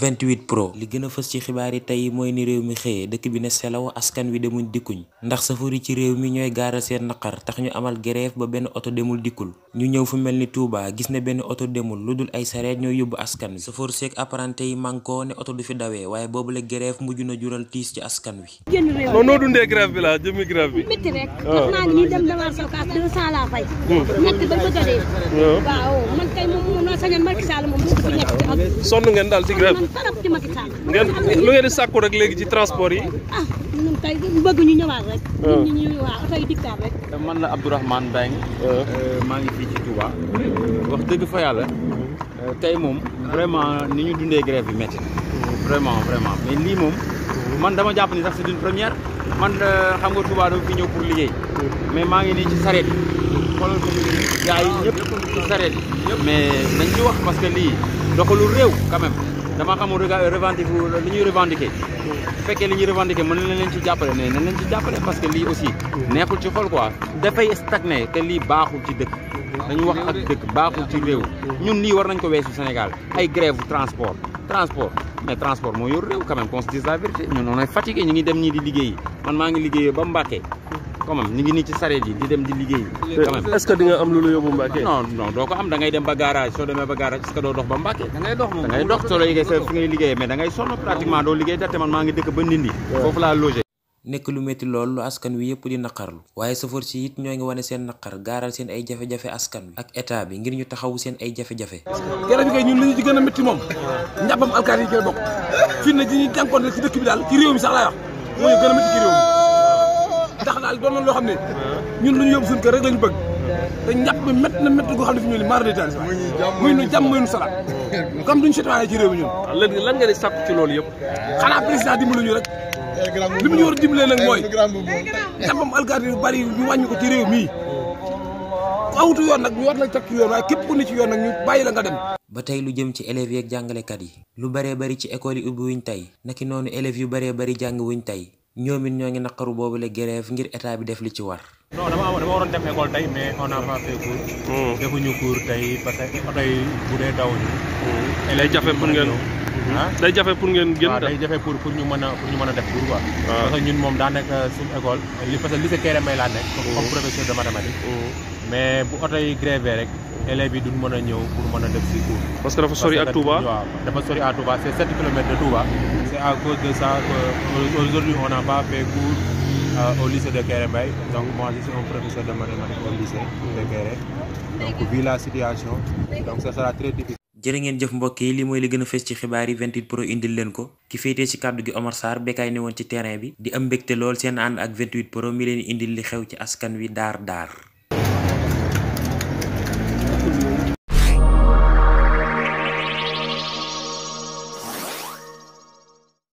28 pro li gën a fës ci xibaar yi tey mooy ni réew mi xëyee dëkk bi ne selaw askan wi demuñ dikkuñ ndax safari ci réew mi ñooy gaaral seen naqar tax ñu amal grève ba benn oto demul dikkul ñu ñëw fu mel ni Touba gis ne benn oto demul lu dul ay sareet ñoo yóbbu askan wi safar seeg apprenti yi mànkoo ne oto du fi dawee waaye boobu la grève mujj na jural tiis ci askan wi non ah. hmm. ba bëgg a dee waaw man kay moom noonu sañan Macky Sall moom sonn ngeen daal ci grève trop ci Macky Sall. ngeen lu ngeen sàkku rek léegi ci transport yi. ah tey bëgg ñu ñëwaat rek. Ah. ñu ñu waaw oto yi dikkaat rek. man la Abdourahmane Mbengue. Ah. Euh, maa ngi fii ci Touba. wax dëgg fa yàlla. Euh, tey moom vraiment ni ñu dundee grève bi métti vraiment vraiment mais lii moom. man dama jàpp ni sax c'est une première. man euh, xam nga Touba dama fi ñëw pour liggéey. mais maa ngi nii ci sareet yi. xoolal ko gars yi ñëpp ci sareet yi. mais nañ ci wax parce que lii doxalul réew quand dama xamul revendique li ñuy revendiquer bu fekkee li ñuy revendiquer mën na leen ci jàppale mais nañ leen ci jàppale parce que lii aussi neexul ci xol dafay stagné te lii baaxul ci dëkk dañu wax ak dëkk baaxul ci réew ñun lii war nañ ko weesu Sénégal ay grève transport transport mais transport moo yor réew quand même qu'on se dise ñun on est ñu ngi dem ñii di liggéeyi man maa ngi liggéeyee ba Mbacké quand même ñu ngi nii ci sareet yi di dem di liggéey. Eh, quand même am lu la yóbbu Mbacke. non non doo ko am da dem ba garage soo demee ba garage est ngay dox sa fi ngay liggéeyee mais da ngay sonn pratiquement doo liggéey date man maa ngi dëkk ba Ndindi. foofu laa logé. nekk lu métti lool lu askan yëpp di naqarlu waaye sëfoor si it ñoo ngi wane seen naqar gaaral seen ay jafe-jafe askan wi ak état bi ngir ñu taxawu seen ay jafe-jafe garab yi kay ñun li ñu ci a la ci a ndax laal doon na loo xam ne ñun lu ñu yóbbu suñu kër rek lañu bëgg te ñàpp mi métt na métt goo xam ne fi ñu ne maar muy nu jàmm muy nu salaat comme duñu ah, loolu yëpp ñu rek eh, eh, eh, yu bari ñu wàññi ci réew mii ku awutu yoon nag ñu war la teg yoon waaye képp ku ne ci yoon nag ñu bàyyi la nga dem ba tey lu jëm ci élèves yeeg jàngalekat yi lu baree bari ci école yi ubbi wuñ tey naki noonu élèves yu baree bari jàng wuñ tey ñoom it ñoo ngi naqaru boobu la grève ngir état bi def li ci war. non dama amoon dama waroon def école tey mais on n'a pas fait cours. Hmm. defuñu cours tey parce que oto yi bu dee daw hmm. jafe pour ngeen hmm. day jafe pour ah, pour pour ñu mën a mën a def cours quoi. Ah. parce moom daanaka euh, suñu école. li parce que lycée Kéré Mbaye laa nekk. comme professeur de mathématiques. mais bu oto yi grévé rek. élèves yi duñ mën a ñëw pour mën a def si cours. parce que dafa sori ak Touba dafa sori à Touba c'est 7 kilomètres à cause de ça ngeen jëf mbokk yi li mooy li gën a ci xibaar yi 28 pro indil leen ko ki féetee ci kàddu gi Omar Sarr bekkaay ne woon ci terrain bi di am mbégte lool seen ànd ak 28 pro mi leen indil li xew ci askan wi daar daar